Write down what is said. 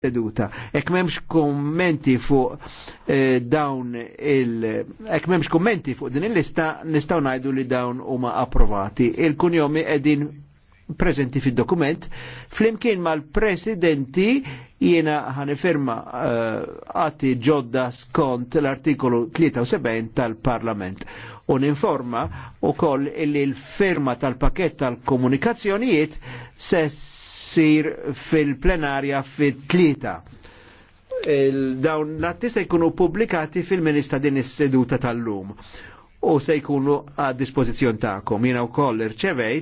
seduta. Ek memx kommenti fuq eh, dawn il ek memx kommenti fuq din il-lista nistaw najdu li dawn huma approvati. Il-kunjomi edin prezenti fil-dokument flimkien mal-presidenti jiena ħaniferma għati eh, uh, ġodda skont l-artikolu 73 tal-Parlament u ninforma u koll illi l-firma tal-pakett tal-komunikazzjonijiet se sir fil-plenarja fit-tlieta. Dawn l-atti se jkunu pubblikati fil ministra din is-seduta tal-lum u se jkunu għad dispożizzjon Jina u wkoll irċevejt